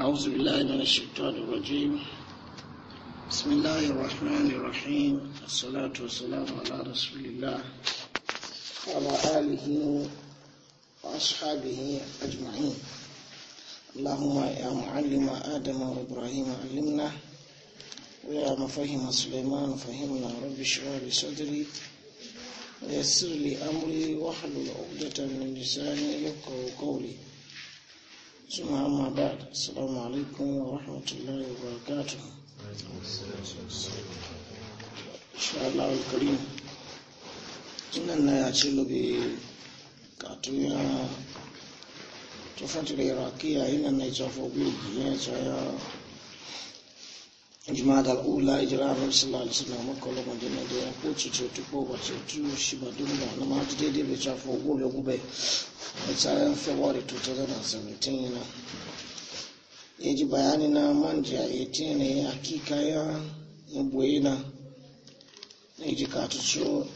أعوذ بالله من الشيطان الرجيم بسم الله الرحمن الرحيم الصلاة والسلام على رسول الله وعلى آله وأصحابه أجمعين اللهم يا معلم آدم وإبراهيم علمنا ويا مفهم سليمان فهمنا رب اشرح لي صدري ويسر لي أمري واحلل عقدة من لساني يفقهوا قولي ثم أما بعد السلام عليكم ورحمة الله وبركاته إن شاء الله الكريم إننا يعتل بكاتويا تفتر إراكية إننا يتوفوا بيجي يتوفوا jimada al'ula ijira annabi sallallahu alaihi wasallam makka lo tu ko ba ce tu shi ba na ma ji daidai bai ta fo gobe gobe a tsayin february 2017 ya ji bayani na manja ya tena ya hakika ya ya boye na ya ji ka tu ciwo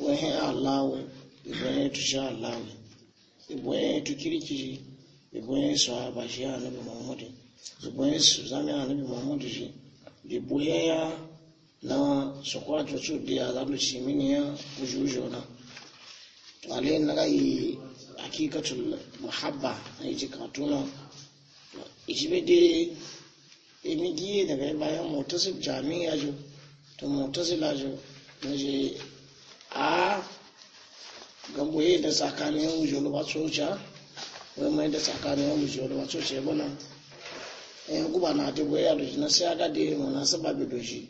wani allahu ibrahim tu sha allahu ibrahim tu ba shi su shi liboyayya na sokwato su biya za mu ci mini ya kujujo na wale na gai hakikatul muhabba na yi jika tuna ijibe de emi giye daga bayan motasir jami'a jo to motasila jo na je a gamboye da tsakanin wujolo ba tsoca wai mai da tsakanin wujolo ba tsoca ya bana Eh, kuba na eh, ta goya da shi na sai aka da munasaba bi da shi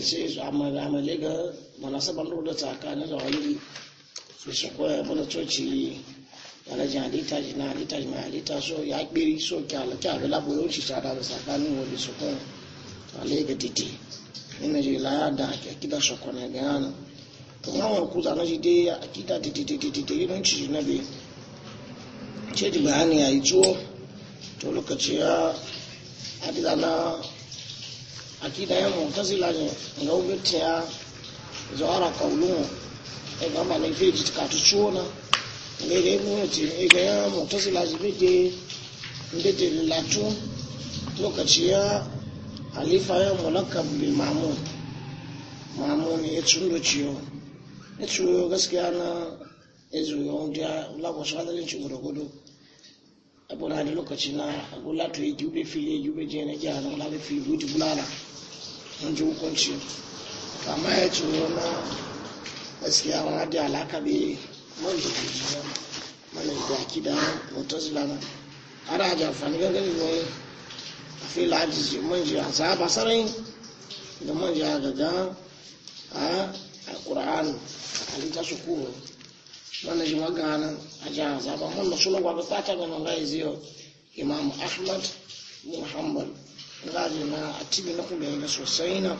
sai su amale ga munasaban da tsaka na zawali su shi koya mana coci alajin halitta jin na halitta shi mai halitta so ya kiri so kyalata da laboyon shi tsada da tsakanin wani su koya ale ga titi ina ji laya da akida shakwa na gaya na to yawon kuza na shi dai akida titi titi titi don ci na bai ce ji bayani ya yi tuwo to lokaci ya adida na akida ya mu'tazila ne ga ubinta ya zuwara kaulun e ga ma na ife ji ka tu ciwo na ne da ibn ti e ga ya mu'tazila ji bege ndete latu lokaci ya alifa ya mulakab bil ma'mun ma'mun ya tsuro ciwo ya tsuro gaskiya na ezu ya wanda ya lagos adalin ci gudu abu na lokaci na agula ya yi jube fili jube je na jiya na wala fi ruti bulala mun ji hukunci to amma ya ce wani gaskiya wani da alaka bai mun ji kuma mana da kida mutazila na ara ja fani gangan gani ne a fi laji ji mun ji a ba sarai da mun ji a gaga a alkur'an a halitta su kuma lọ́nà ìwọ̀n a a jihar àzábọ̀ wanda lọ sọ́nà wàbí pátánà náà rai ziyo imam ahmad muhammad láti na cibi na kuma yana sosai na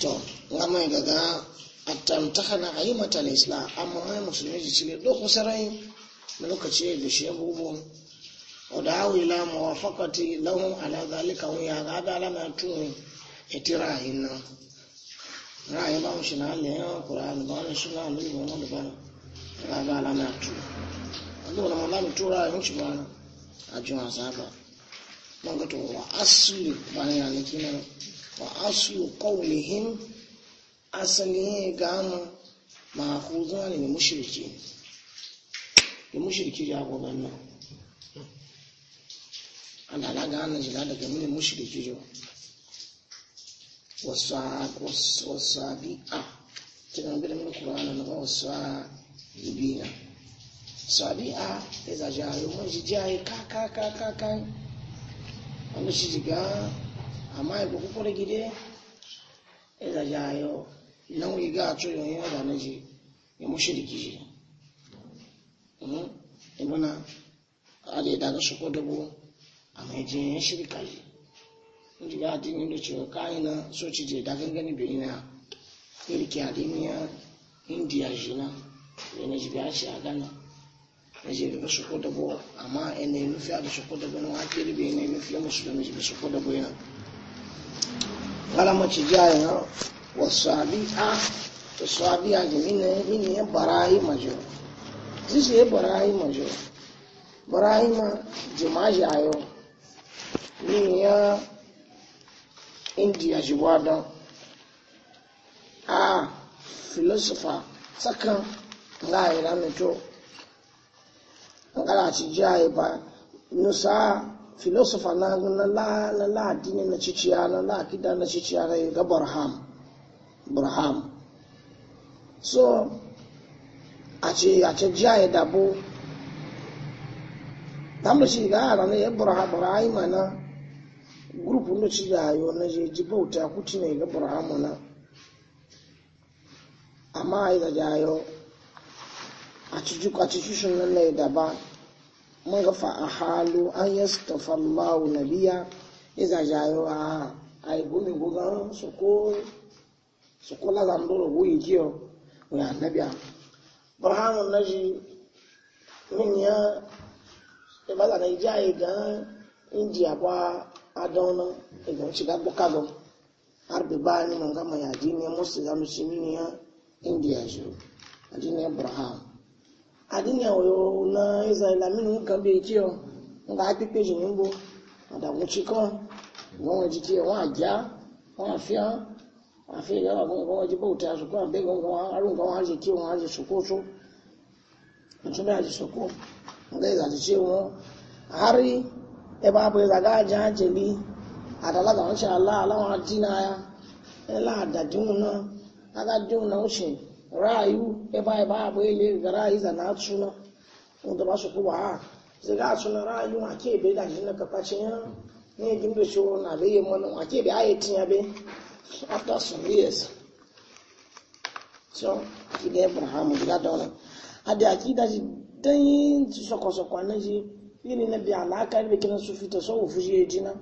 to mai daga a tamtaka na yi mata na islam amma mai musulmi ji cile dokun sarai na lokaci da shi ya wadda hawi la mawafakati lahun ala zalika wani ya gada alama tuni ya nan ra'ayi ba mu shi na hannun yawan ƙura'an ba wani shi na hannun ba wani ba na ba ba na mai tu wanda wani mala mai tura ra'ayin shi ba na a jiwa saba ba ga to wa asulu ba na yana kina wa asulu qawlihim asali ga mu ma khuzuna ne mushriki da mushriki ya go nan Allah la ga annabi da ga mun wasabi'a cikin birnin kur'ana na wasabina sabi'a ya zaji a yawon shi jiya kakakakakan wani shi jiga amma ya kuku kura gide ya zaji a yau nan wiga a da na ji ya mushi da kishi ibuna a da ya daga ko dabo a mai jiyan shirka yi inji ba addini da cewa kayina so ci je da gangani bai na irki adiniya indiya jina da na jibi shi a gana na jibi ba su koda bo amma ina yi nufi da su koda gani wa ke ribe ina yi nufi da musulmi jibi su koda bo yana wala mace jaya wasu a to su abi'a ga mini ya barayi majo zizi ya barayi majo barayi ma jima'i ayo mini ya indiya shi ba a filosofa tsakan ga ira mito ngala ci jaye ba nusa filosofa na la la la dini na ciciya na la kida na ciciya na ga burham burham so a ce a ce jaye dabo ta mu shi ga ran ya burham burham na gurupu ndo ci yayo na je ji bauta kuti ne ga burhamu na amma ai da yayo a ci ju a ci shushin nan na yi daba mun ga fa a halu an yastafa Allahu nabiya na yayo a ai gumi gugan su ko su ko la zan doro guyi kiyo ya nabiya burhamu na ji yi ya ba da na jaye ga indiya ba adauna daga wuce ga bukalo har bi ni man gama ya dini ya musu zamu mini ya indiya shi adini abraham adini ya na israila minu kan bi kiyo nga happy page ni mbo ada wuce kan wọn wọn ji kiyo wọn afia afi ga wọn wọn ji bauta su kan be gon wọn arun gon har ji kiyo wọn har ji sokoso mutum ya ji soko nga ya ji ce wọn hari ebe abụ ịzaga aja ajeli adalada uche ala alawa di na ya ela adadiwu na agadiwu na ra rayu ebe ebe abụ ele gara iza na atụ na ndo ba ha ziga atụ na rayu ma ke ebe da ya na eji ndo na be mmanụ ma ke ebe ayi be after some years so kide abraham ga dona adi akida ji dan na iri na bi alaka ne kina su fita so wufu shi jina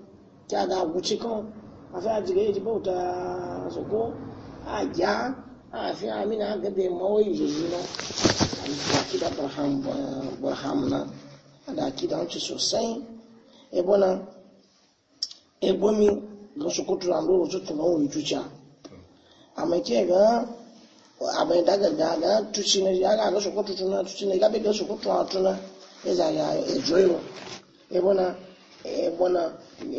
kya da guci kan a fi ajiga ya ji bauta su ko a gya a fi amina ga bai mawai jeji na a kida burham na a da kida wuce sosai ebo na ebo mi ga su kutu na lura su tunan wuyi cuca a mai ke ga a mai daga ga tuci na ya ga su kutu tuna tuci na ya ga bai ga su kutu na tuna iza ya ejoyo ebona ebona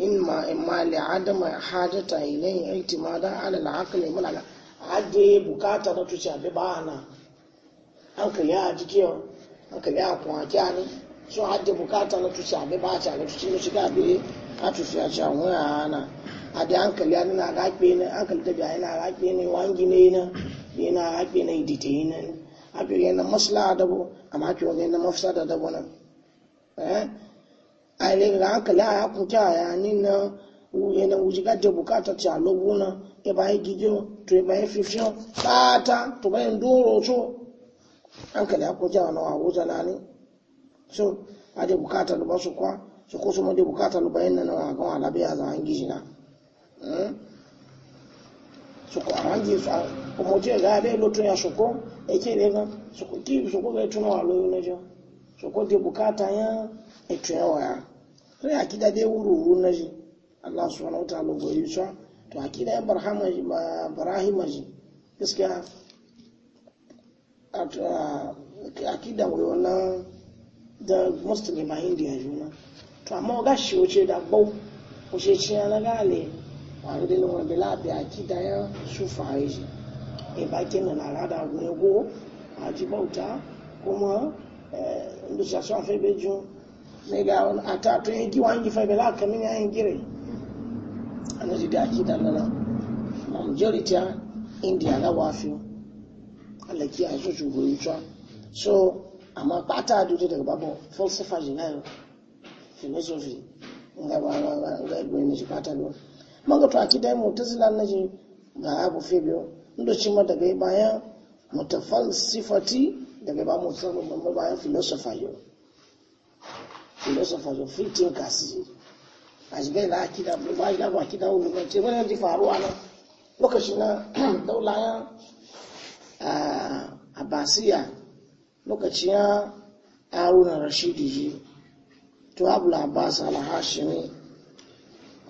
in ma e, ma li adama hajata ilayhi i'timada ala al-aqli mulala hade bukata da tuci abi bana hankali a jikiyo hankali a kun akiya ne so hade bukata na tuci abi ba ta na tuci mishi ga bi a tuci a ci a wani ana a a ne hankali na biya na ne na ake yi na da bu amma ake yi na da dabu nan a ile ga hankali ya kun kya ya ni na wuye na wuji gaje bukata ta alobu na e ba yi gijo to e ba yi fifiyo tata to ba yi ndoro so hankali a kuja na wa wuza na ni so a de bukata ta ba su kwa so ko su ma de bukata ta ba na na wa gan alabe ya za an gizi na. soko amangi omoje gare loto ya soko suku soko ti soko ga tuna wa na nejo soko de bukata ya etuya wa sai akida de wuru wuru nejo Allah subhanahu wa ta'ala go yusa to akida Ibrahim ji ma Ibrahim ji gaskiya a uh, akida wai wannan da muslim ma indiya juna to amma ga shi wuce da bau wuce ciya na gale wani dai nan wani labi a kida ya shufa a yi e bakin nan al'ada gwego a ji bauta kuma inda shi su afai bejin mai ga wani a ta to yanki wani gifai bela ka min yayin gire a na ji da india wafi alaki a su shugurin so amma ba ta daga babu falsafa jinayo philosophy nga ba ga ga ga ga ga maga to akidai mutazila na ji ga abu febio ndo ci ma daga bayan mutafalsifati daga ba musamman mamma bayan filosofa yau filosofa yau free thinkers ji gai shiga ila akida ba ya ba akida wani ba ce wani ji faruwa na lokaci na daula ya abasiya lokaci ya haruna rashidi ji to abu labasa alhashimi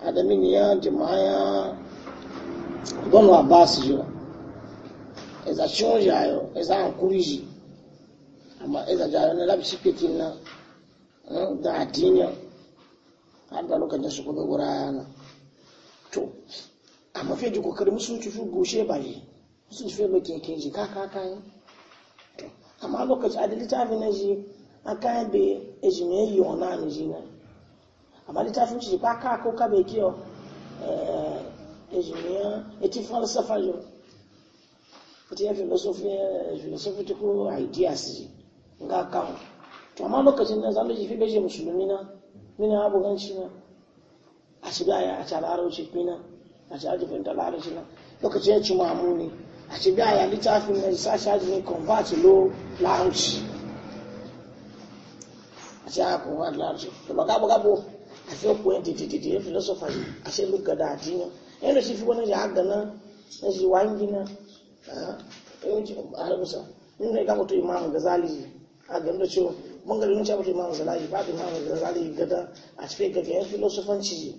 adamin ya jama'a ya banu abbas yo eza shon jayo eza ankuriji amma na da adiniya har da lokacin su kuma yana to amma musu ci fi goshe ba ne musu ci fi mai keke ji ka ka kayan to amma lokacin fi na ji a kayan bai ejimeyi yana amma littafin shi ba ka ko ka bai kiyo eh, falsafa ya filosofiya filosofi ideas ji ga to amma lokacin beje musulmi na mina abuganci na a ci a ci mina a ci da na lokacin ya ci mamu ne a ci littafin na convert a ci convert to ba gabo gabo afe kwen titititi ye philosophers ase lu gada ati na ɛna si fi bɔ na yɛ agana na si wangi gina aa ɛna si alamusa nínú ɛga moto gazali yi agana do tso mɔngali nínú sábà to imaamu gazali yi baabi imam gazali yi gada ati fi gada yɛ philosophanci yi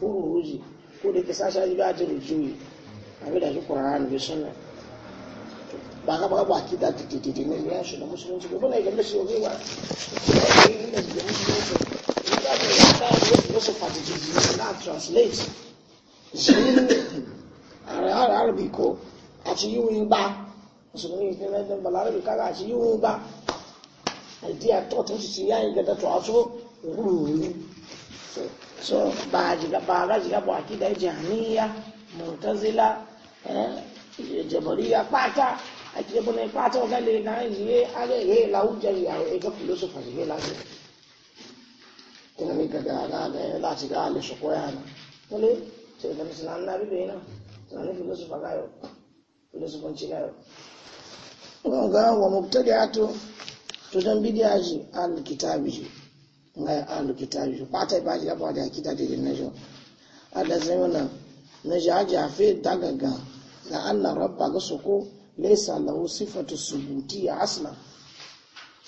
hururu yi ko de kisa sa yi bi adi ruju yi a bi da yi kɔrɔ ani bi sɔn na baka baka bɔ akida titititi ne yɛ sɔrɔ musulunci ko na yɛ si o wa also participate in that translate ìṣẹ́yìn ààrẹ àràbì kò àti yíwìn gbá mùsùlùmí ìpínlẹ̀ ẹ̀dẹ̀ balárẹ̀bì kága àti yíwìn gbá àìdí àtọ́ tó ti ti yá ìgẹ̀dẹ̀ tó aṣọ òwúrò so náà yìí yìí ina mi gaga ga ga la ci ga le so ko ya na wale sai da sanan na bi bai na mi filosofa faga yo filosofan ci ga yo ga wa mubtadi'atu to dan dia ji al kitabi ngai al kitabi ba ta ba ji da ba da kita da na jo ada zai wannan na ja a fi dagaga la anna rabba ga soko laysa lahu sifatu subuti aslan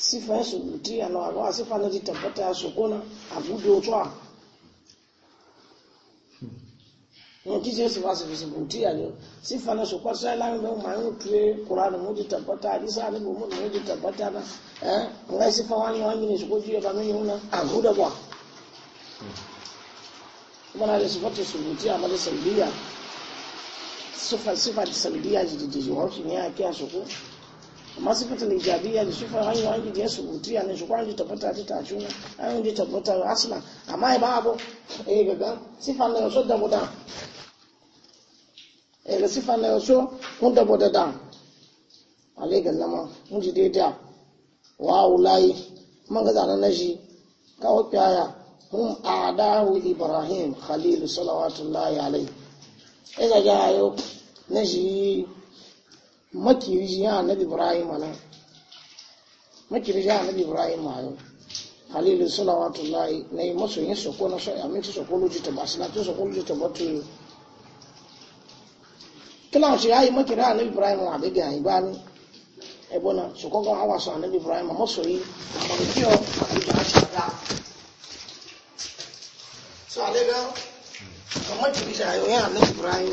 sifan a alawa sifan na tabbata su a buɗe otuwa wọn kì í ṣe sùpà sùpà sùpà òtí àjọ sí fana sùpà sùpà láńgbẹ màá ń tu kuranu mo di tabata ni mo mo di tabata na ẹ nga ni ni na eh, amma sifatul ijabiyya da sifa hanyo hangi da su mutiya ne su kwanji tabbata ta ta juna hanyo da tabbata aslan amma ba abu eh gaga sifa na so da muda eh ga sifa na so kun da muda da ale ga lama mun ji dai da wa ulai man ga zana naji ka wa kaya hum adahu ibrahim khalil salawatullahi alai eh ga yau yo naji makirji ya annabi ibrahim nan makirji ya annabi ibrahim ayo halilu salawatullahi na yi masu yin soko na sai aminci soko loji ta ba sinatu soko loji ta batu kila shi ya yi makira annabi ibrahim wa bai ga ba ni ebona soko ga hawa su annabi ibrahim masu yi amma da kiyo a yi ta shi da so alega kamar kirji ayo ya annabi ibrahim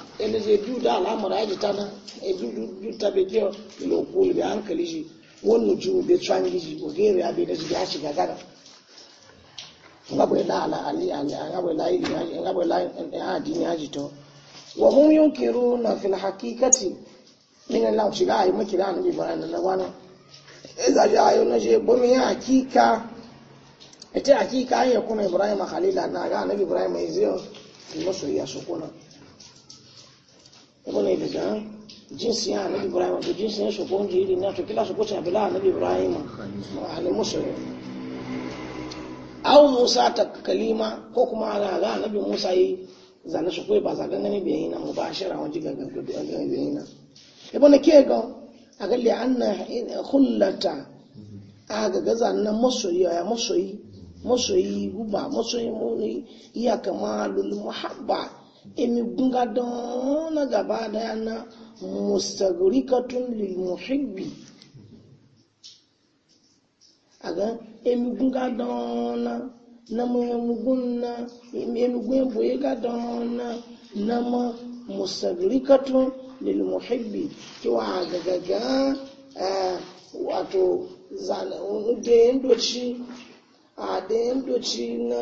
yana zai duda al'amura ya jita nan e ya duta bai jiya kulu bai hankali shi wannan jiwo bai tsangi shi ogere ya bai da shi ya shiga gara ngabai la ala ali ali ngabai la ili ngabai la ya dini ya jito wa hum yunkiruna fil haqiqati min Allah shiga ayi makira nan bi baran nan wani iza e ya ayo na je bomi ya hakika ita e hakika ya kuma ibrahim khalila na ga nabi ibrahim mai zai masoyi ya sukuna ibn ibigan jinsi ya annabi ibrahim da jinsi ya shugo to kila shugo tabi la annabi ibrahim wa ahli musulmi musa ta kalima ko kuma ana ga annabi musa yi zane shugo ba za gangane bai yi na mubashira wanda gangan bai yi na ke ga aga li anna khullata aga gaza na masoyi ya masoyi masoyi guba masoyi mu iya kamalul muhabba emi gunga don na gaba daya na mustagrikatun lil muhibbi aga emi gunga don na na mu emugun na emugun eboye ga don na na mu mustagrikatun lil muhibbi kiwa gagaga eh, wato zana da yin doci a da na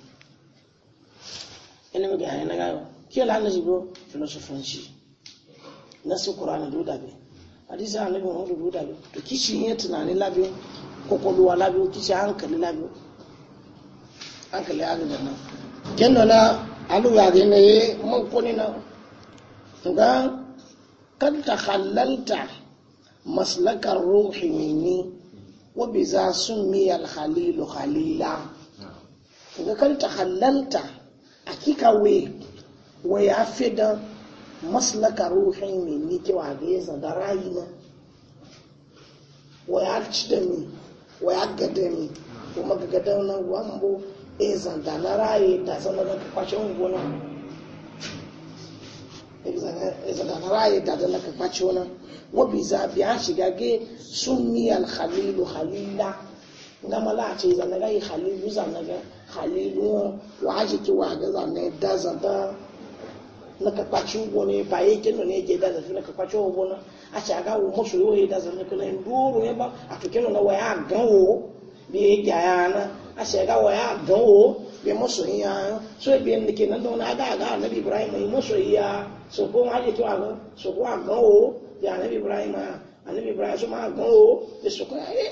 ina ga gaya na kiyar ke la annabi bo filosofanci na su na duda disa hadisi annabi mu duda bi to kishi yin tunani labiyo kokoluwa labiyo kishi hankali labiyo hankali aga gajar nan ken na aluwa ga yi mun kuni na ga kanta halalta maslakar ruhi ne ni bi za summi miyar halilu halila ga kanta halalta hakika we wai ya fi da maslaka ruhin mai ni kewa ga ya zaga rayu na wa ya ci da mi wa ya gada mi kuma ga gada na wambo e zanda na raye ta zama na kwashe ungona e zanda na raye da zama na kwashe ungona bi za biya shiga ge sun mi alhalilu halila gama la ce zan ga khalilu zan ga khalilu wa ji ki wa ga zan ne da zan ba na ka kwaci ugo ne ba yi kinu ne ke da zafi na ka kwaci ugo na a ce aga wo musu yo yi da zan ne kuna nduru ne ba a to kinu na wa ya gan wo bi yi ga ya na a ce aga wa ya gan wo bi musu ya so bi ne ke nan aga aga na bi ibrahim yi musu ya so ko ma ji to aga so ko a gan wo ya na bi ibrahim annabi ibrahim so ma gan wo bi su ko eh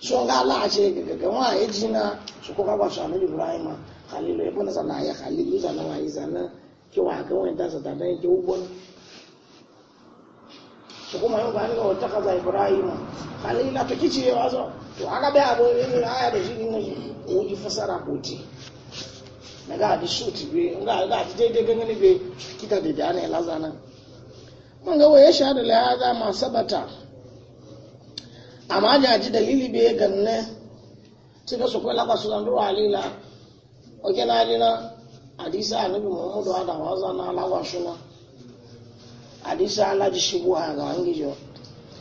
so ga lashe gaga wa ya ji na su ko ba su annabi ibrahim khalilu ibn sana ya khalilu zana wa izana ki wa ga wanda dasa da dan ki ubon su kuma yau ga Allah wata kaza ibrahim khalila ta kici ya wazo to aka bai abu ne ne aya da shi ne uji fasara kuti ga di shoot be ga ga ti daidai gangane be kita da dane lazana mun ga waye shahada la hada ma sabata amma jaji dalili bai ganne ci da su kai laka su zan ruwa alila oke na alina hadisa annabi muhammadu hada waza na alawa shuna hadisa alaji shibuwa ga hangijo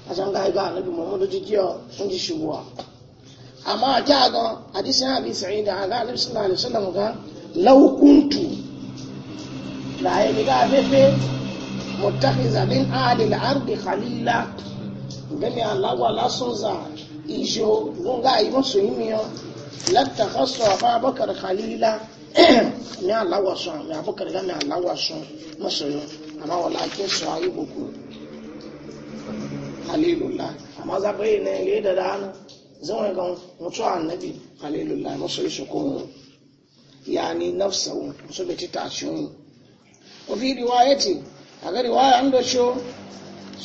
a san ga ga annabi muhammadu jikiyo sun ji shibuwa amma a ta ga hadisa abi sa'id da ga annabi sallallahu alaihi wasallam ga law kuntu da ya ga fefe muttakhiza min ahli ardi khalila gami alawa lasun za ijo gunga yi musu yi miyan latta kasu a ba bakar khalila mi alawa sun mi abokar gami alawa sun musu yi amma wala ke su a yi buku khalilullah amma za bai ne ya yi da dana zan ga mutu annabi khalilullah musu yi su kuma yani nafsahu musu bai ci tashin ofi riwayati a ga riwaya an da ciwo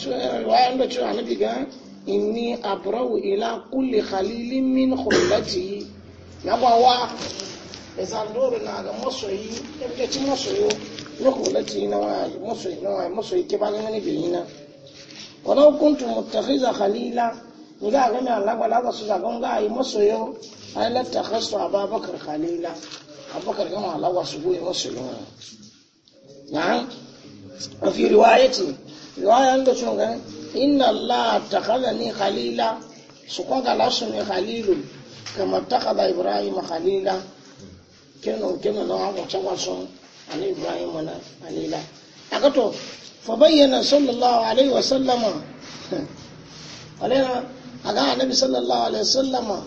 riwaya da cewa annabi ga inni abrau ila kulli khalilin min khullati na gwawa da sandoro na ga masoyi ya fita ci masoyo na khullati na waye masoyi na waye masoyi ke ba ne bi na. walau kuntu muttakhiza khalila ni ga ga na lagwa lagwa su ga gonga yi masoyo ai la takhasu ababakar khalila abubakar ma lagwa su goyi masoyo na a fi riwayatin riwayan da cin gani inna allah takhadhani khalila su ko ga lasu ne khalilu kama takhadha ibrahim khalila kenan kenan na wa ta wasu ani ibrahim na khalila aka to fa bayyana sallallahu alaihi wa sallama alaina aga annabi sallallahu alaihi wa sallama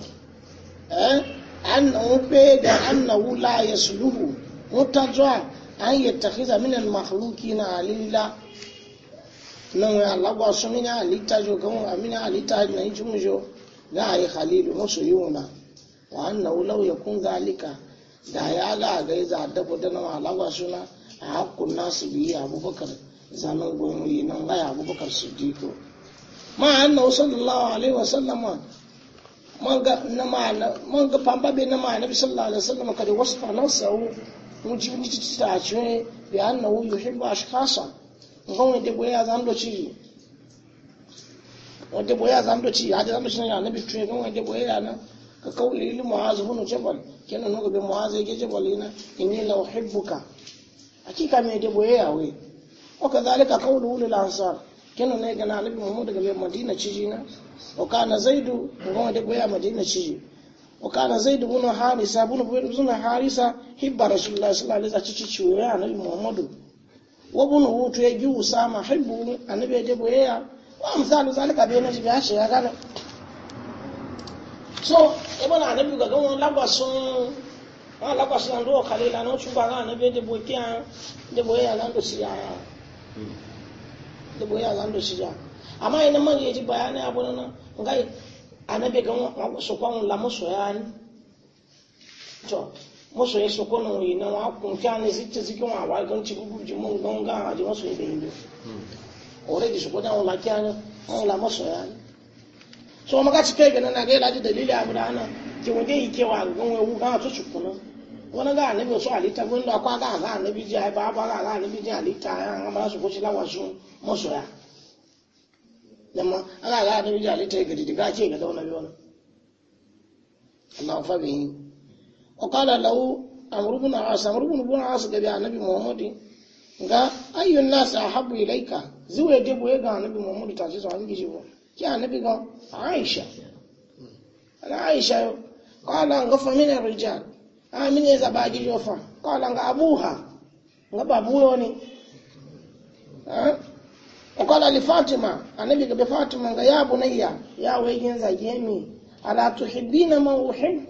eh an upe da annahu la yasluhu mutajwa an yattakhidha min al-makhluqina alila nan ya alagwa su yi halitta jo kan amini halitta na yi jimu jo na a yi halilu musu yi wuna wa an na wulau ya kun zalika da ya ga a gaiza da kudu na alagwa suna a hakkun nasu biyi abubakar zanen goyon yi nan gaya abubakar su diko ma an na sallallahu alaihi wa wasallam man ga pamba bai na ma'anabi sallallahu alaihi wasallam kada wasu fa nan sau mun ji ni ta ce bi annahu yuhibbu ashkhasan nga wani debo ya zan doci wani debo ya zan doci ya zan doci na ya na bi tuye gan wani debo ya na ka kauli ili muazu hunu jabal kenan nuka be muazu yake jabal ina inni la uhibbuka hakika me debo ya we wa kadhalika qawlu ulil ansar kenan ne gana nabi muhammad daga be madina ciji na wa na. zaidu ga wani debo ya madina chiji. ciji wa kana zaidu bin harisa bin bin harisa hibba rasulullahi sallallahu alaihi wasallam cici ciwo ya nabi muhammadu وابن ووتو يجو ساما حبوني النبي يجب إياه وأمثال ذلك بين جبي عشي أغانا so ebe na anabi gaga so lagbasun na ndọ ọkàlẹ ìlànà oṣù gbàgbà anabi ẹdẹbọ kí á ẹdẹbọ ẹyà lando sí ya ẹdẹbọ lando ya àmọ ẹni mọ yẹji ya ní abọ na nga anabi gaga ya ni masu yi soko na wuri na wa wa ganci ji mun gan gan a ji masu yi di wula an wula ya ne so maka na ga ilaji dalili abu da ana ki wanda yi kewa ga gan gan a na wani ga anabi alita akwa aga ga anabi ji ai ba aga aga ga ji alita ya an gama si kuci ya ji alita وقال له عمرو بن عاص عمرو بن بن عاص قال يا نبي محمد قال أي الناس أحب إليك زو يجب ويقع نبي محمد تعزيز عن جيبه يا نبي قال عائشة أنا عائشة قال غف من الرجال آمين إذا باجي جوفا قال أبوها غبا أبوه أه؟ وقال لفاطمة النبي قال فاطمة يا بني يا ويجين زجيمي ألا تحبين ما أحب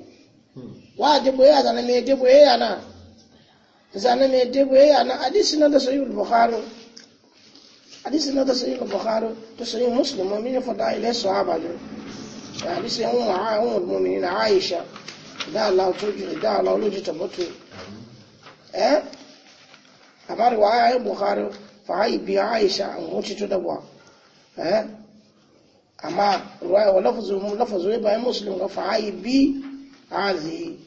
wa deboye zana me deboye yana zana me deboye yana hadisi na da sahihul bukhari hadisi na da sahihul bukhari to sahih muslim mun ne fada ile sahaba jo hadisi an wa ummul mu'minin aisha da Allah to ji da Allah lo ji tabbatu eh amar wa ayi bukhari fa ayi bi aisha an wuce to da wa eh amma ruwaya wa lafzu lafzu ba muslim ga fa ayi bi hazihi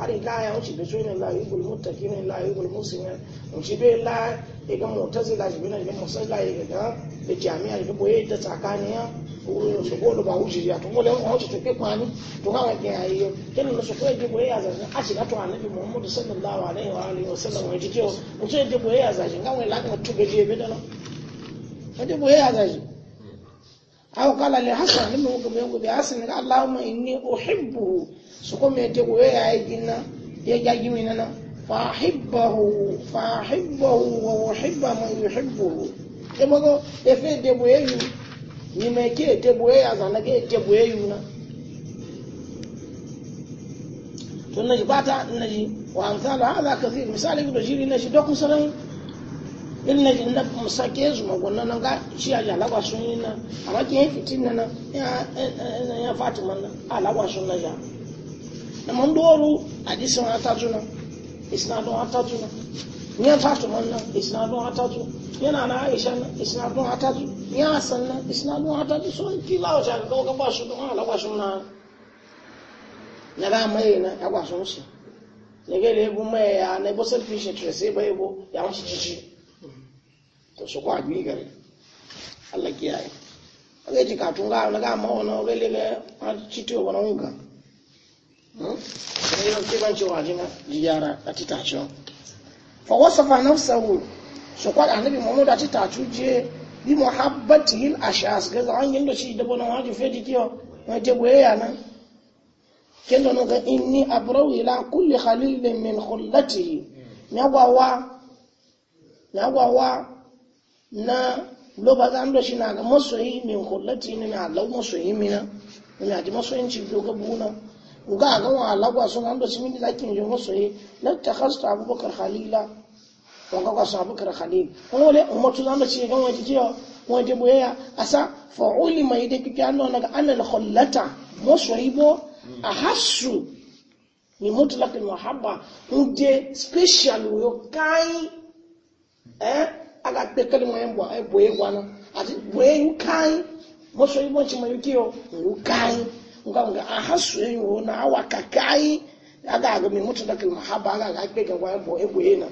ari ya wuce da shoyin la yi gul muttaqin la yi gul ne. wuce be la yi ga mu'tazila shi bina ga la yi ga da jami'a ga boye da tsakaniya ko su ko ba wuce ya to mo wuce to fi kwani to ga wake ayi kin no so ko e boye ya zan a shiga to annabi muhammad sallallahu alaihi wa alihi wasallam wa jike wuce e boye ya zan ga wai la ga gaje be da no e boye ya zan أو قال لحسن لما هو قبل يوم بحسن قال allahumma inni uhibbu soko mai ya yi dinna ya ga gimi nana fa hibbahu fa hibbahu wa hibba man yuhibbuhu e mago e fe yu ni me ke te ya zana ke te yu na to na bata na ji wa amsalu hadha kathir misali ko jiri na shi dok musalai ji na musake ke fitin na na ya fatima na na na ma ndị ọrụ adịsị ha atajụ na isinadụ ha atajụ na nye fatuma na isinadụ nye na na aisha na isinadụ ha atajụ nye asan na isinadụ ha so nke ila ọcha nke ọ na ha na ha na amaghị na ya gbasụ nsị na gele egwu ya na ebo selfish interest ịgba ya na ga lele sai yau ke ban cewa jina yara a titacen fa fa wasafa nafsahu so kwa annabi muhammad a titacu je bi muhabbati al ashas ga zan yin da shi da bonan waje fe di kiyo ma je boye ya nan ken don ga inni abrau ila kulli khalilin min khullatihi nyawawa nyawawa na lo ba zan da shi na ga masoyi min khullatihi na lau masoyi mina ina ji masoyin ci ga buna ga ga wa lagwa sun an dosi min lakin jin yi la ta abubakar khalila wa abubakar khalil le wani wani de ya asa fa ulima ide kike an nona ga anal khullata musuibo ahassu ni mutlaq al muhabba unde special yo kai eh aga pe kalimo embo boye gwana ati boye kai musuibo yukio nga nga ahasu yiwo na awa kakai aga aga mi mutu da kil mahaba aga aga pe gwa bo ebo yena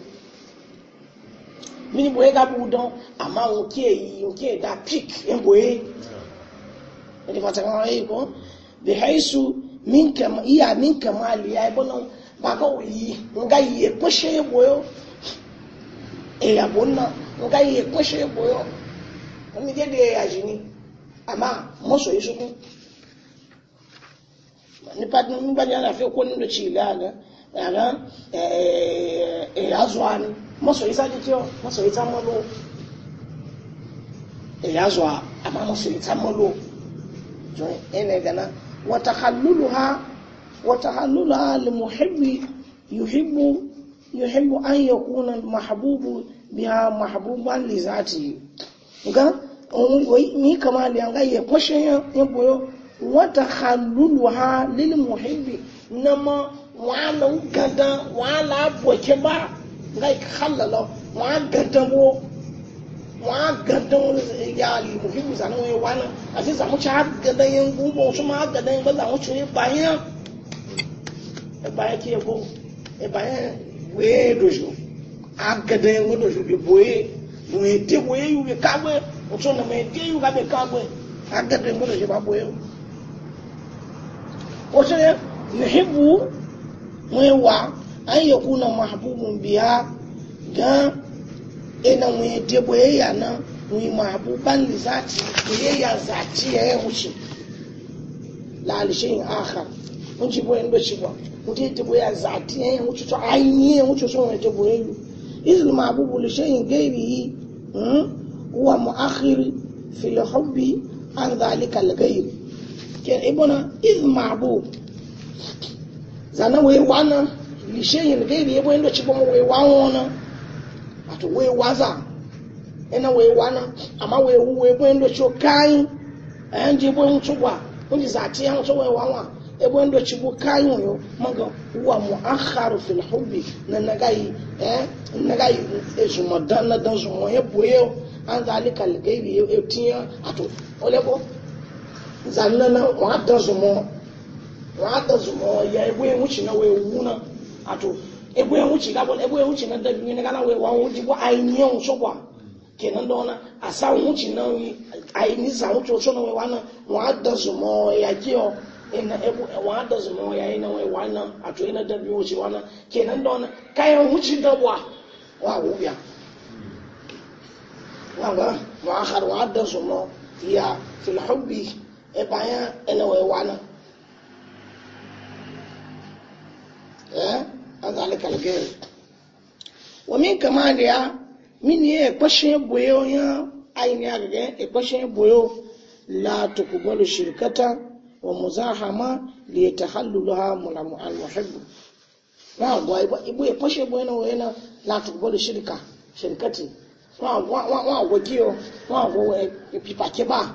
mini bo ega bu don ama won ki e won ki e da pick en e ni fata kan e ko bi haisu min kam iya min kamali ya ibo non ba ko yi nga yi e ko she bo yo e ya bo na nga yi e ko yo mi de de ajini ama mo so ko nipati nubali anafia kuwa nindo chilaga aga eyazwani eh, eh, eh, masoyisa kityo masoyisa molo eyazwa ama masoyisa molo ene gana watakhaluluha watakhaluluha muhibbi yuhibbu yuhibbu an yakuna mahbubu biha mahbuban lizati nga ni kamali anga yekwashe ya boyo wata halulu ha lil muhibbi na ma wala gada wala boke ba ngai halala wa gada wo wa gada ya lil muhibbi sana wai wala a sai samu ci gada yan gubo su ma gada yan ba za mu bayan e bayan ke ko e bayan we dojo a gada yan dojo bi boye mu ete boye yu be kagwe o so na me ete yu ka be kagwe a gada yan dojo ba boye wato ne nuhibbu mun wa an yi kuna mahabubun biya ga ina mun je boyayya nan mun yi mahabuban lizati boyayya zaci ya ya wuce lalishin akhar mun ci boyen da ci ba mun je je boyayya zati ya wuce to a yi ainihi ya wuce su so mun je boyayyu izil mahabubu lishayin gairihi huwa mu'akhir fil hubbi an zalika al-ghairi ken ibona iz ma'bud zana we wana li shay'in ghayri yabo ndo chibomo we na ato wee waza wee we na ama we wu e, we e, e bo ndo chokai ndị bo mchugwa ndị zati ya mcho we wawa ebo bụ chibu kai yo manga wa muakharu fil na nagai eh nagai ezu madana zanna na wa da zumo wa da zumo ya egwe wuci na we ato egwe wuci ga ebu egwe na da bi ne kana we wa wuci ko ai ni on so kwa asa wuci na wi ai ni za so na we wa da zumo ya jiyo ina ebu wa da zumo ya ina we wana ato ina da bi ya fil hubbi ebanya na wee wana eh azalika alghair wa min kamaliya min ye kwashe boyo ya aini agaga e kwashe boyo la tukubalu shirkata wa muzahama li yatahalluha mulamu al muhibb na gwa ibo ibo e kwashe boyo na na la tukubalu shirka shirkati wa wa wa wa gio wa wa e pipake ba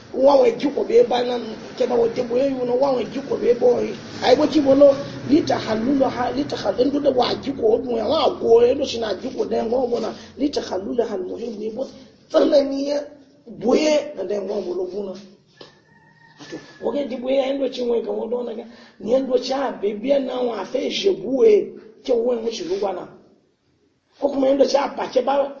wawe jiko be bana keda wote boye yuno wawe jiko be boy ai bo jiko e no lita halulu ha lita halulu da wa jiko mu ya wa ko e do sina jiko da ngo mona lita halulu hal muhim ne bo tsanani boye da ngo mo lo buna ato oge di boye endo chinwe ga mo dona ga ni endo cha bebia e na wa fe jebue ke wo mo e shi lugwana ko kuma endo cha pa ke ba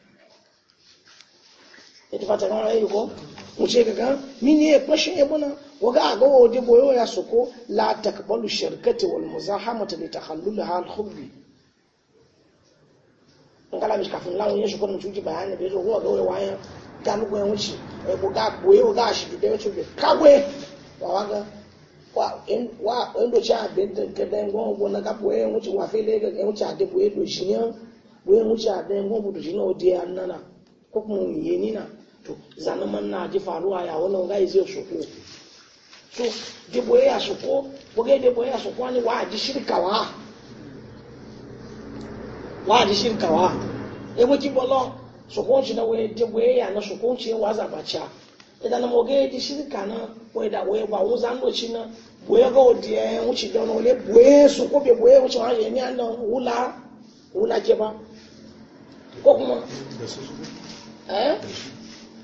ita fata kan rayu ko mu ce ga kan min ya fashin ya buna waga a gawo da boyo ya soko la takbalu shirkati wal muzahamata li takhallulha al khubbi ngala mi kafin lawo yesu ko mutuji bayani be zo ko ga wai waya ga mu goyen wuci e ko ga boyo ga shi da wuci be kagwe wa waga wa en wa en do cha ben den ke den go go na ka boyo wuci wa fele ga en wuci ade boyo do shi ne boyo wuci ade go go do shi no odi annana ko kuma yenina to zana man na ji faruwa ya wani ga izi o so ji boye ya suko boge de boye ya suko ni wa ji shirkawa wa ji shirkawa e bo ki bolo suko ji na we de na suko ci wa za bacha na mo ge ji shirka na da we wa wo na boye ga odi e boye be boye wa ye ni an wula wula ba ko kuma eh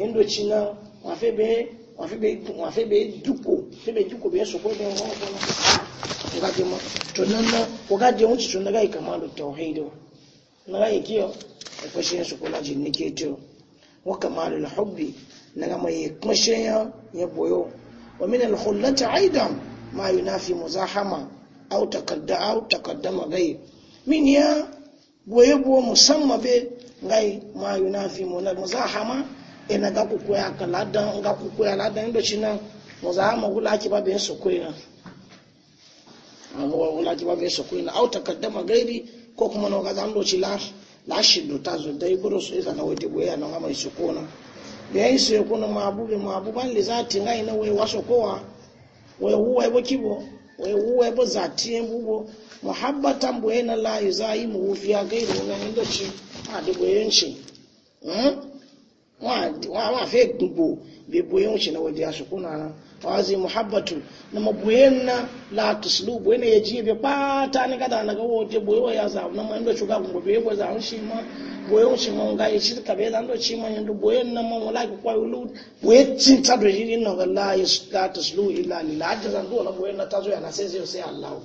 kendo china wafebe wafebe wafebe duko febe duko be so ko den wono ngati mo to nanna wakati onchi tunagai kamando tauhido nagai kiyo ko shi su kula jin nike to wa kamalul hubbi naga mai kuma shi ya boyo wa min al khullati aidan ma yunafi muzahama aw takadda aw takaddama gai min ya boye bo musamma be ngai ma yunafi muzahama ina ga kuku ya ka ladan ga kuku ya ladan inda shi nan mu za mu wula ki ba su kuyi mu wula ki su gairi ko kuma na ga zan doci la la shi do ta zo dai buru su na wadi boya nan amma su ko da yayi su bi ban ngai na wai waso kowa wai huwa ba kibo wai huwa zati en bubo muhabbatan boyena la yuzai mu fiya gairi nan inda shi a hmm? dubo wa fe gbogbo bai boyen wuce na waje ya su kuna nan wa muhabbatu na maboyen na la tuslu boyen ya ji bai na ga waje boye ya za na man da shuga gungo bai ko za shi ma boyen shi ma ga yi shi ka bai zan do shi ma yando boyen na ma wala lu boye tin na ga na ta zo ya na sai sai sai Allah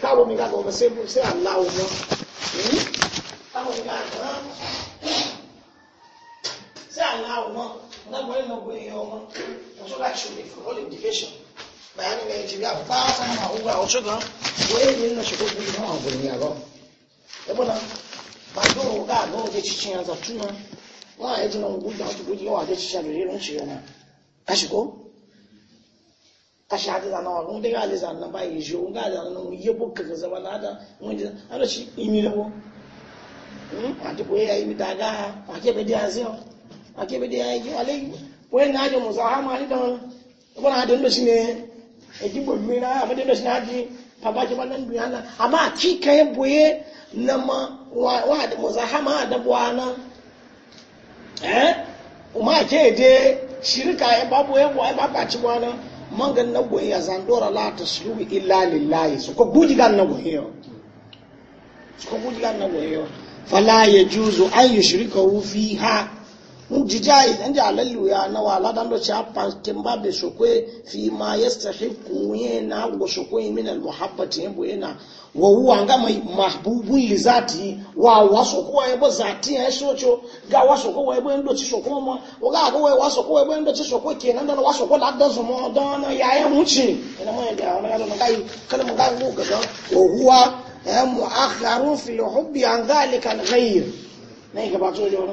ka bo mi ga go sai sai Allah mo ka sai Allah ma na goyi na goyi yau ma wasu for all education bayani mai jiga ba sa ma uba wasu ga goyi ne na shigo goyi na goyi ya ba ya bana ba do ga go ke cikin ya zatu na wa ya jina goyi da su goyi wa ke cikin da rin shi yana ka shigo ka shi hada zana wa kuma daga aliza nan ba yi shi un ga aliza nan yi bukka ka zama na hada yi hmm? daga ake bɛ de ayi n'a musa a den dɔ si ne mi na ma na papa na ki wa wa musa o ma kɛ de shirika ye ba boye bɔ ye ba ci bɔ a man ga na boye la ta sulubi illa lillahi ko guji na boye yɔ ko guji na boye fala yajuzu juzu an yi shirika ha njijayi ndị alallu ya na wala dan lokaci apa timba be sokwe fi ma yastahiqu yana wa sokwe min al muhabbati yabo yana wa huwa nga mahbubun eh, li zati wa waso ko yabo zati ya socho ga waso ko yabo ndo ci sokwe mo o ga ko waso ko yabo ndo ci sokwe kenan dan waso ko la dan mo ya ya muci ina mo ya na ga kai kala mo ga ko ga wa huwa mu'akhkharun fi hubbi an dhalika al ghayr ne ga ba to jona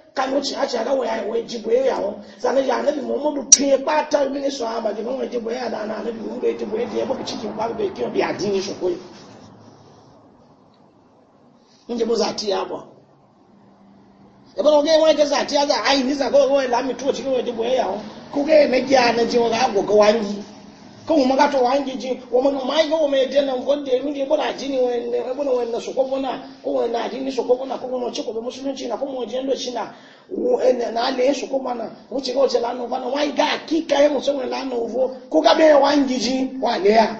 kanu ci a caga waya wai jibuye yawo zane ya nabi muhammadu tuye bata mini so ha ba jinan wai jibuye ya dana nabi muhammadu ya jibuye da ya baka cikin e ba bai kiyo biya dini shi koyi in jibu zati ya ba ya bana wani wani zati ya za a yi nisa kawai wai lami tuwa cikin wai ya yawo kuka yi na giya na jiwa ga kan wo maga to wangi ji wo man ma ga wo me de ko de mi de bona ji ni ko no na so ko bona ko wen na ji ni so ko bona ko no ci ko musulunci na ko mo je ndo china wo en na le so ko mana wo ci ko je lanu bana wangi ga ki ka e mo so lanu vo ko ga be wangi ji wa le ya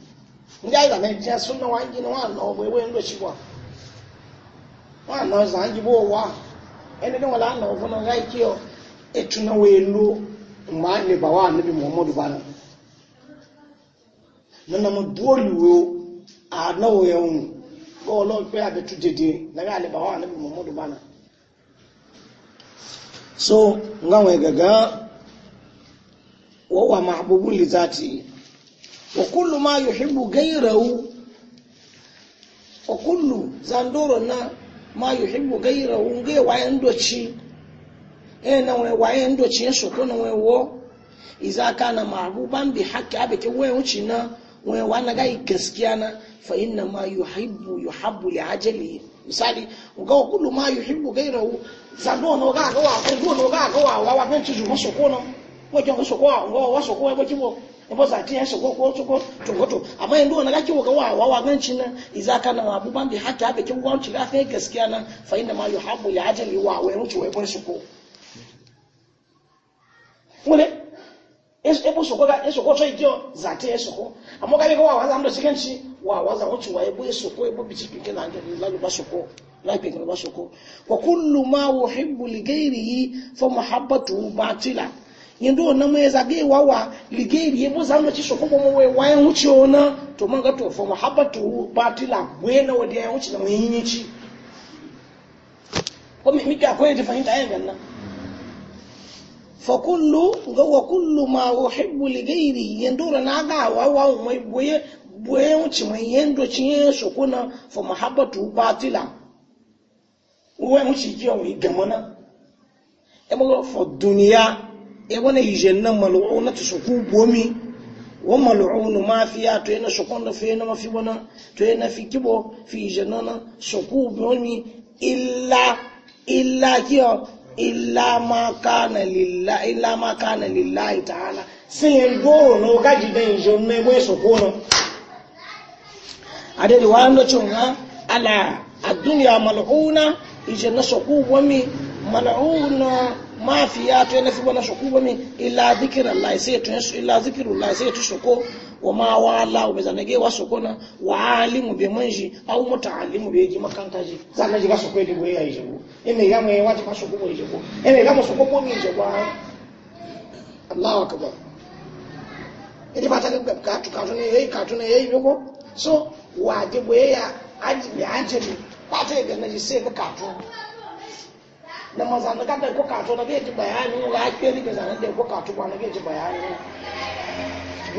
ndị anyị na-eji asụ nna nwaanyị gị na nwaanyị ọ bụ ewe ndochi gwa nwaanyị ọzọ anyị bụ ụwa ẹni dẹ́ wọn lánà ọ̀fún náà láì kí ọ ẹtùnà wọ èlò màá ní bàwá níbi so ngáwọn ẹ̀gẹ̀gẹ́ wọ́n wà máa gbogbo وكل ما يحب غيره وكل زاندورو ما يحب غيره غي وايندوشي ena we wayendochi nsoko na we wo iza kana mahbuban bi haqqi na we wana gaskiya na fa inna ma yuhibbu yuhabbu li ajali misali uga kullu ma yuhibbu ghayrahu zando no ga ga wa ga ga wa wa wa nsoko no nsoko wa nsoko yabo za ta yanshi ko ko tungoto amma yanzu wannan gaki ga wa wa ganci nan iza kana wa abu bi hatta abe kin gwamnati la fa gaskiya nan fa inda ma yuhabbu li ajali wa wa yanci wa bar shi ko wole es ebo so ga eso ko sai jo za ta yesu ko amma ga ga wa zamu da cikin shi wa za wuce wa yabo yesu ko yabo bici kin nan da la ba so ko la pe ba so ko wa kullu ma uhibbu li ghairihi fa muhabbatu batila yendo na mweza ge wawa ligeri yebo zano chisho kombo mwe wae uchi ona to manga to foma haba tu batila wena wadi ya uchi na mwinyichi kwa mimi akwe difahinta yenga na fakullu nga wa kullu ma uhibbu ligeri yendo na ga wawa mwe boye boye uchi mwe yendo chiyeso kuna foma haba tu batila uwe uchi jiyo mwe gamona emo for dunia e wani yijen nan malu'u na ta suku bomi wa malu'u nu ma fi to yana sukun da fiye na mafi wani to yana fi kibo fi yijen suku bomi illa illa kiyo illa ma kana lillahi illa ma kana lillahi ta'ala sai yan goro no gaji dan yijen nan wai suku no adede wa ando chunga ala adunya malu'una yijen na suku bomi mal'una ma fi ya to na fi bana soko bami illa zikrullahi sai to illa zikrullahi sai to soko wa ma wala wa zanage wa soko na wa alimu bi manji au muta'allimu bi ji makanta ji zanna ji ga soko de boye ayi jego ene ga mai wata ka soko boye jego ene ga mo soko boye jego Allahu akbar ene ba ta ga ka tu ka to ne yayi ka to ne yayi boko so wa de boye ya aji bi aji ba ta ga na ji sai ga ka to na mazana ka dai ko kato na gaji bayani la ke ni ga dai ko kato ba na gaji bayani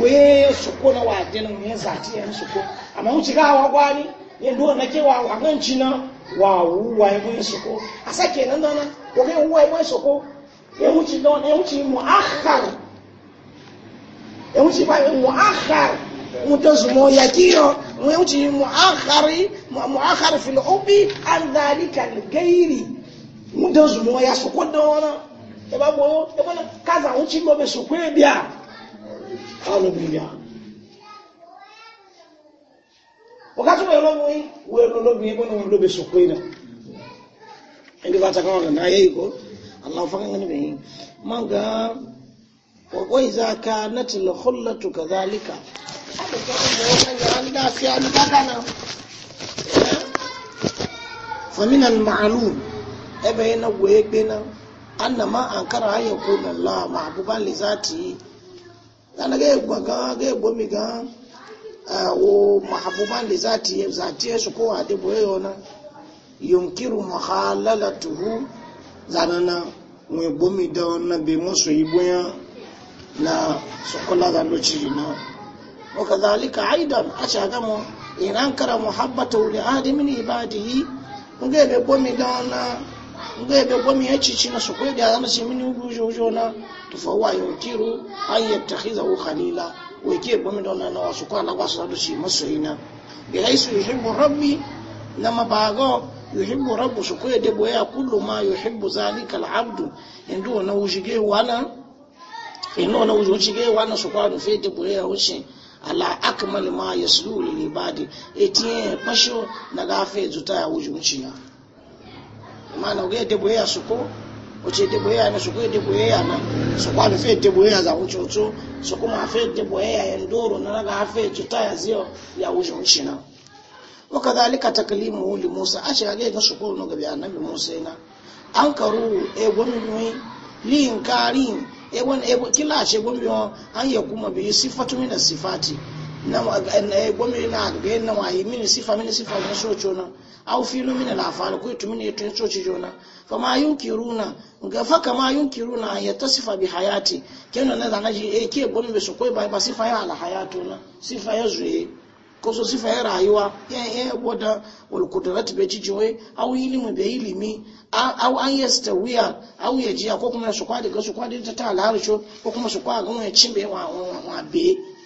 we su ko na wajin ne zati yan su ko amma mun shiga hawa gwani yin do na ke wa wangan ci na wa wuwa ya mu su ko a sake nan nan ko ga wuwa ya mu su ko ya mu ci don ya mu ci mu akhar ya mu ci ba mu akhar mu ta su mo yakiro mu ya mu ci mu akhari mu akhar fil ubi an zalika al ghairi ŋudɔ zumɔ ya sɔkɔ dɔwɔ na eba gbɔyɔ eba na kaza ŋutsi gbɔ be sɔkɔ yɛ alo bi bia wòkàtí wòye lọ́wọ́ yìí wòye lọ́wọ́ yìí bọ́nà wọn ló be sɔkɔ yìí na ɛdi bàtà kan wọn alahu fana manga wòye zaka nati lɔkɔlɔ tu kazalika alo fana mɔgɔ kan yàrá ní dàsí alu bàtà na. فمن المعلوم ebe yana goye gbena annama ankara kara hanyar kuna la ma abubuwan lizati gana ga egbo ga ga egbo mi ga wo ma abubuwan lizati zati su ko ade boye yona yunkiru mahalalatuhu zanana mu egbo mi da wannan be musu yi ya na sokola ga loci na wakadhalika aidan acha ga mu in ankara muhabbatu li ahadi min ibadihi ngebe bomi da wannan nga be gomi ya cici na su kwai da zama mini ujo ujo na tufawa ya utiru an u khalila wai ke gomi da na wasu na wasu da shi masoyina bi haisu yuhibbu rabbi na mabago yuhibbu rabbu su kwai da boya kullu ma yuhibbu zalika al-abdu indu na wujige wala inu na wujige wana su kwa da fe da boya wuce ala akmal ma yaslu lil ibadi etiye pasho na gafe zuta ya wujin ciya maana uge deboya suko oche deboya na suko deboya na suko alu fe deboya za uchocho suko ma fe deboya ya ndoro na naga fe chuta ya zio ya ujo nchina wakadhalika taklimu li Musa ache age ga suko no ga annabi Musa na an karu e gwamnati lin karin e wani e kila ce gwamnati an ya kuma bi sifatu mina sifati na gwamnati na ga na wa yi mini sifa mini sifa na na aw filu min alafani ko itumi ne tun soci jona fa ma yunkiruna ga fa ma yunkiruna ya tasifa bi hayati kenan na zana ji eh ke bon be so ko ba ba sifa ya ala hayatu na sifa ya zuye ko so sifa ya rayuwa eh eh boda wal kudrat be ci jiwe aw ilimi be ilimi aw an yastawiya aw ji ko kuma su kwadi ga su kwadi ta ta alharisho ko kuma su kwa ga ya cimbe wa wa be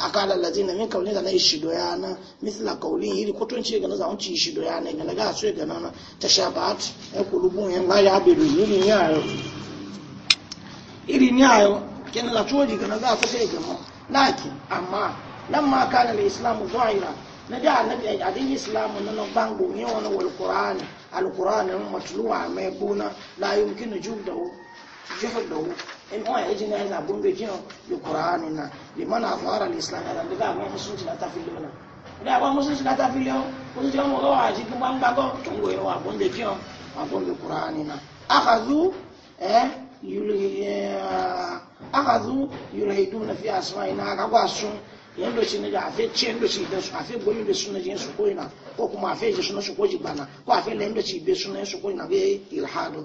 akala lazina min kauli ga na ishido yana misla kauli iri kutunci ga na za unci ishido yana ga na e ga so ga na shabat e kulubun yan ga ya biru ni ni ayo iri ni ayo ken la tuji ga na ga ke ga ga lakin amma ma kana al-islamu zahira na da annabi adin islamu na nan bango ne wani wal qur'ani al qur'ani matluwa mai buna la yumkinu jubdahu juhdahu in wa yaji na yana bumbe kiyo da kur'ani na liman azhara al-islam da daga ba musulunci da tafi lona da ba musulunci da tafi lona kun je mu ga waji kun ban ba ko tun goyi wa bumbe kiyo wa bumbe qur'ani na akhadhu eh yulhi eh, akhadhu yulhiduna fi asma'ina ga gwasun yadda shi na afe ce yadda shi idan su afe goyin da suna jin su na? ko kuma afe ji suna su koji bana ko afe la yadda shi be suna su koina be ilhado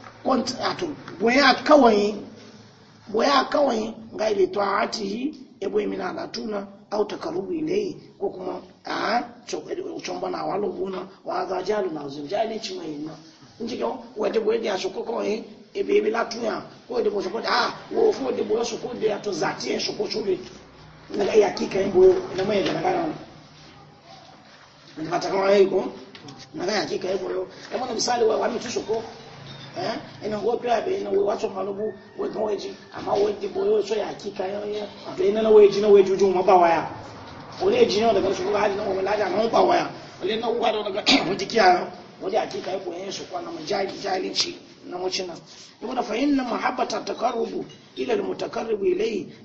boya kawai boya kawai ga ile to a atihi ebo imina na tuna au takarubu ileyi ko kuma a chomba na walo buna wa za jalu na uzim jali chima ina nji ko wede boye ya shoko ko e ebe ebe la ko de bo shoko ah wo de shoko de zati shoko chule na ga yakika na da na ya na ga yakika e mo na misali wa wa mi Eh? ina ngo kila be ina we wacho malubu we gan weji ama we di boyo so ya ya be ina na weji na weji ju mo waya ole ji no daga su ga na mo la na mo ba waya na uwa do daga mo ti kiya mo di akika ko yin su kwa na mo jali jali ci na mo ibo da fa inna mahabbata taqarrubu ila al mutaqarrib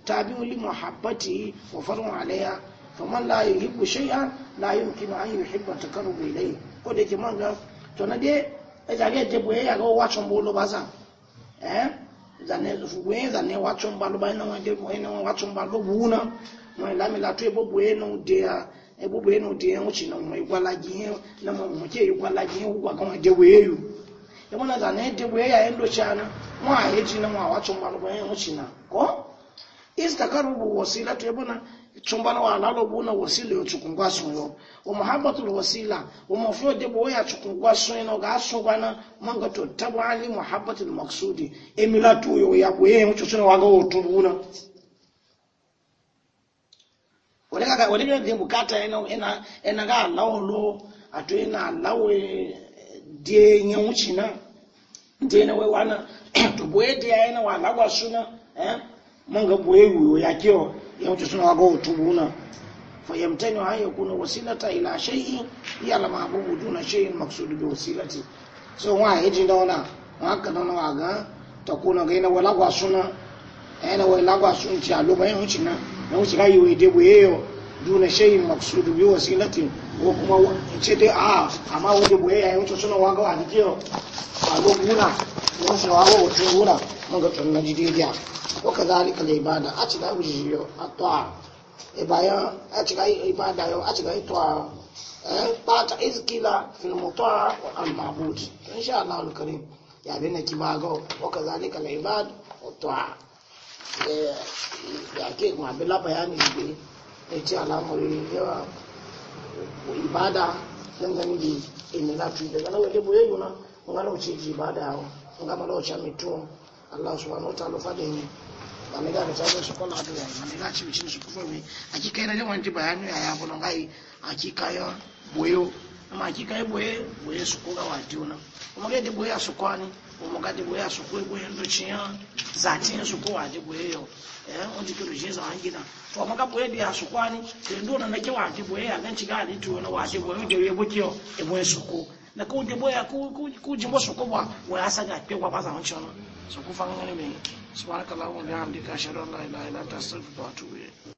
tabi'u li mahabbati wa farun alayha faman la yuhibbu shay'an la yumkinu an yuhibba taqarrubu ko da ke man ga to na dai ezage debo ye yaga wacho mbolo baza eh zane zuwe zane wacho mbalo ba ina e e wade e mo ina wacho mbalo buna mo ila mi latu ebo bo eno de a ebo bo eno de enwo chino mo igwala gi na mo mo che igwala gi ugwa kon de we yu ebo na zane debo ye ya endo chana mo a heji na mo wacho mbalo ba enwo china ko istakarubu wasilatu ebo na chumbana wa lalo buna wasila yo chukungwa suyo o muhabbatul wasila o mafiyo debo waya chukungwa suyo no ga so bana manga to tabu ali muhabbatul maqsudi emila tu ya ko ye mucho suna waga o tubuna wale kaga wale bi dembu kata eno ena ena ga lawo lo ato ena lawo e, de nyawuchi na de na we wana to boye de ena wa lagwa suna eh manga boye yo ya kiyo yawta suna ga tubuna fayyamtani an ya kuna wasilata ila shayi ya lama abubu duna shay'in maksudu da wasilati so wa yaji dauna wa haka nuna wa ga ta kuna ga yana walagwa suna ina wala gwa sun ci a lobayin hucina na hucina yi wa debo yeyo duna shay'in maksudu bi wasilati ko kuma ce dai a ah, amma wanda boye yayin to suna waga a dike a lokuna wani suna wanga wato wuna mun ga tun na jidiya ko kazalika lai bada a ci da wuji yo a to e eh, bayan a ci ga bada yau a ci ga to eh ba ta izkila fil mutaa wa al mabud sha Allah al karim ya bi na kima ga ko a da ibada wa to eh ya ke ma bi la bayani ne ce alamuri yawa ibada dangane da inda za tu yi daga nan waje boye yuna nga na ji ibada yawo nga ma lauce mai tuwo allah subhanahu wa ta'ala fadin ba mai gane sabon su kwana abuwa ba mai gaci bishin su kufa mai hakika yana yawan ji bayanu ya yabo nan gai hakika ya boyo amma hakika ya boye boye su koga wa diuna kuma ga da boye su kwani kuma ga da boye su koyi boye ndocin ya zatin su ko da boye yau eh onji kiro jeza hangina to amaka boye dia sukwani kendo na nake waje boye aganchi ga litu na waje boye de yebo kio e ya suku na ko de boye ku ku jimbo suku bwa wa asa suku fanga ne me subhanakallahumma wa bihamdika ashhadu an la ilaha illa anta astaghfiruka wa atubu ilayk